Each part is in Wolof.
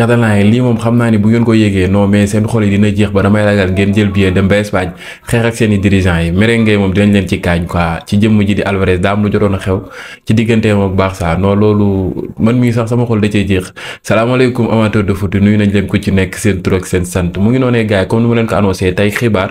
catalan yi lii moom xam naa ni bu ngeen ko yégee non mais seen xol yi dina jeex ba damay ragal ngeen jël billet dem ba Espagne xeex ak seen i dirigeants yi merengue moom dinañ leen ci kaañ quoi ci jëmm ji di Alvarez daa am lu jotoon a xew ci digganteem ak Barça non loolu man mii sax sama xol da cee jeex salaamaaleykum amateur de foot nuyu nañ leen ko ci nekk seen tur ak seen sant mu ngi noonee gars comme ni ma leen ko annoncé tey xibaar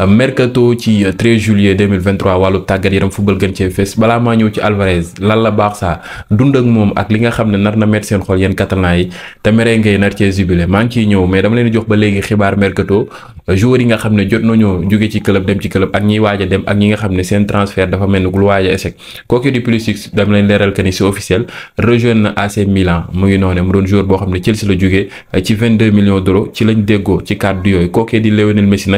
Euh, mercato ci 13 euh, juillet 2023 wàllu tàggat yaram football gën cee fees balaa maa ñëw ci Alvarez lan la baax saa dund ak moom ak li nga xam ne nar na met seen xol yéen catalan yi te mere ngay nar cee jubilé maa ngi ciy ñëw mais dama leen jox ba léegi xibaar mercato euh, joueurs yi nga xam ne jot nañoo jóge ci club dem ci club ak ñiy waaj dem ak ñi nga xam ne seen transfert dafa mel ni lu waaj a échec kooku di Pulisic dama leen leeral que ni c'est officiel rejoindre na AC Milan xam ne Chelsea la jógee ci 22 millions d'euros ci lañ déggoo ci kàddu yooyu kooku di Lionel Messi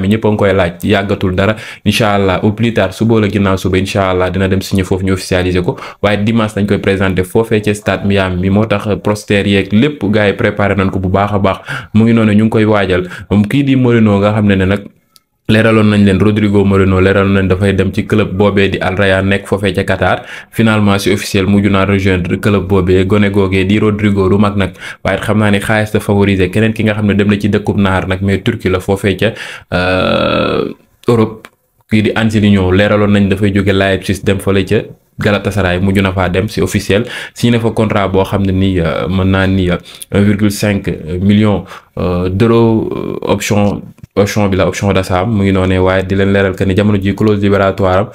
programme yi ñëpp a ngi koy laaj yàggatul dara incha allah au plus tard suba la ginnaaw suba incha allah dina dem signé foofu ñu officialiser ko waaye dimanche dañ koy présenté foofee ci stade Miami mi moo tax proster yeeg lépp gars yi préparé nañ ko bu baax a baax mu ngi noonu ñu ngi koy waajal kii di Moreno nga xam ne ne nag leeraloon nañ leen Rodrigo Moreno leeraloon nañ dafay dem ci club boobee di Al Rayyan nekk foofee ca Qatar finalement si officiel mujj naa rejoindre club boobee gone googee di Rodrigo du mag nag waaye xam naa ne xaalis da favoriser keneen ki nga xam ne dem na ci dëkkub naar nag mais Turquie la foofee ca euh, Europe kii di Angelino leeraloon nañ dafay jóge Leipzig dem fële ca Galatasaray mujj na faa dem si officiel signé fa contrat boo xam ne nii euh, mën naa ni 1,5 euh, million d'euros option. option bi la option d'achat mu ngi noonee waaye di leen leeral que ni jamono ji clause libératoire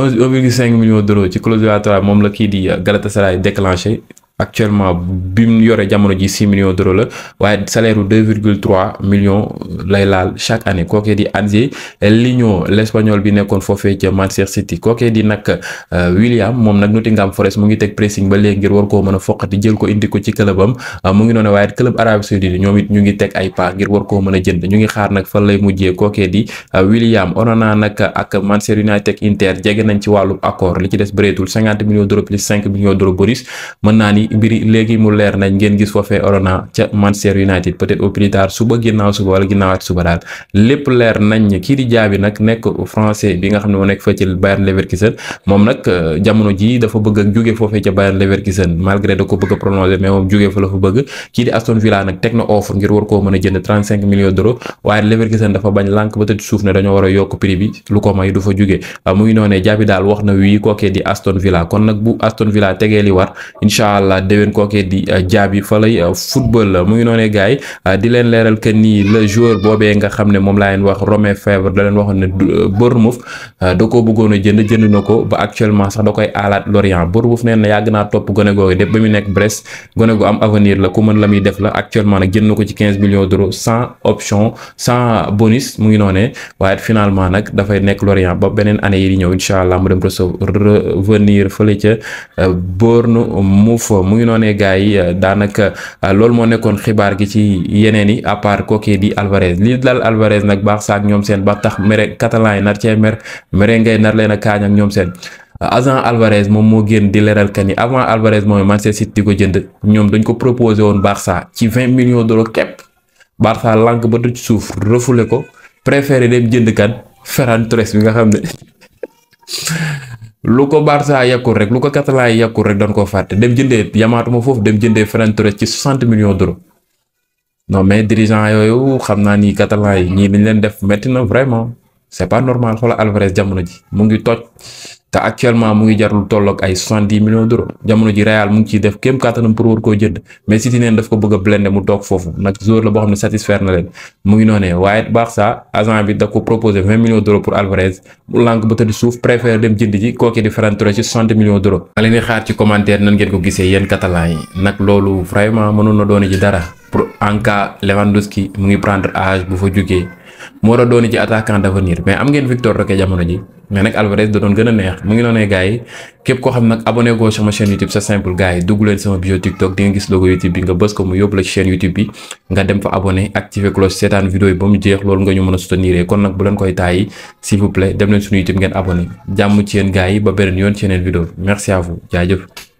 am 1,5 million d'euros ci clause libératoire moom la kii di Galatasaray déclenché. actuellement bi mu yore jamono ji six millions d'euros la waaye salaire u deux virgule trois millions lay laal chaque année kookee di André Linho l'espagnol bi nekkoon foofee ca Manchester City kookee di nag euh, William moom nag Nottingham Forest mu ngi teg pressing ba léegi ngir war koo mën a foqati jël ko indi ko ci clubam euh, mu ngi noonu waaye club Arabie Saoudite ñoom it ñu ngi teg ay pas ngir war koo mën a jënd ñu ngi xaar nag fan lay mujjee kookee di euh, William Onana nag ak Manchester United Inter jege nañ ci wàllum accord li ci des bëreetul cinquante millions d'euros plus cinq millions d'euros bonus mën naa yi mbiri léegi mu leer nañ ngeen gis foofee Orana ca Manchester United peut-être suba ginnaaw suba wala ginnaawaat suba daal lépp leer nañ kii di jaabi nag nekk français bi nga xam ne moo nekk euh, fa la fa bëgg kii di Aston Villa nag teg na offre ngir war koo mën a jënd 35 millions d'euros waaye Leverkusen dafa bañ lànk ba suuf ne dañoo war a yokk prix bi lu ko may du fa jóge mu ngi jaabi daal wax na wii kookee di Aston Villa kon nag bu allah déwén kookee di jaabi euh, fa lay euh, football mu ngi noonee gars yi euh, di leen leeral que ni le joueur boobee nga xam ne moom laa leen wax Romain Fèvre da leen ne Bournemouth da koo bëggoon a jënd jënd na ko ba actuellement sax da koy Lorient Bournemouth nee na yàgg naa topp gone googu def ba mu nekk Brest gone gu am avenir la ku mën la muy def la actuellement nag jënd na ko ci quinze millions d'euros sans option sans bonus mu ngi noonee waaye finalement nag dafay nekk Lorient ba beneen année yi di ñëw incha mu ngi noonee gars yi euh, daanaka euh, loolu moo nekkoon xibaar gi ci yeneen yi à part kooku di Alvarez li dal Alvarez nag baax saak ñoom seen ba tax mere catalan yi nar cee mer mere ngay nar leen a kaañ ak ñoom seen. agent Alvarez moom moo génn di leeral que ni avant Alvarez mooy Manchester sit di ko jënd ñoom dañ ko proposé woon Barça ci vingt millions d'euros képp Barça lànk ba du ci suuf rëfule ko préféré dem jënd kan Ferran Torres bi nga xam ne lu ko Barça yàqul rek lu ko Catalan yi yàqul rek doon koo fàtte dem jëndee yamaatuma foofu dem jëndee Ferran Torres ci 60 millions d'euros non mais dirigeant yooyu xam naa ni Catalan yi ñii liñ leen def métti na vraiment. c'est pas normal xoolal Alvarez jamono ji mu ngi toj te actuellement mu ngi jar lu tolloog ay soixante-dix millions d'euros jamono ji Real mu ngi ciy def kéem kàttanam pour war koo jënd mais City neen daf ko bëgg a blender mu toog foofu nag joueur la boo xam ne satisfaire na leen mu ngi noonee waaye Barça agent bi da ko proposé vingt millions d'euros pour Alvarez mu lànk ba tëdd suuf préfère dem jënd ji kooki di Ferran Torres ci soixante millions d'euros. ma leen di xaar ci commentaire nan ngeen ko gisee nag loolu vraiment mënoon na doon dara pour en cas Lewandowski mu ngi prendre âge bu fa jugee. moo war a doon ci attaquant d'avenir mais am ngeen Victor Roque jamono ji mais nag Alvarez da doon gën a neex mu ngi noonee gars yi képp koo xam nag abonné goo sama chaîne YouTube bi nga dem fa abonné activer cloche seetaan vidéo yi ba mu jeex loolu nga ñu mën a soutenir kon nag bu leen koy tàyyi s'il vous dem leen suñu YouTube ngeen abonné jàmm ci yéen gars yi ba beneen yoon ci yeneen vidéo merci à vous jaajëf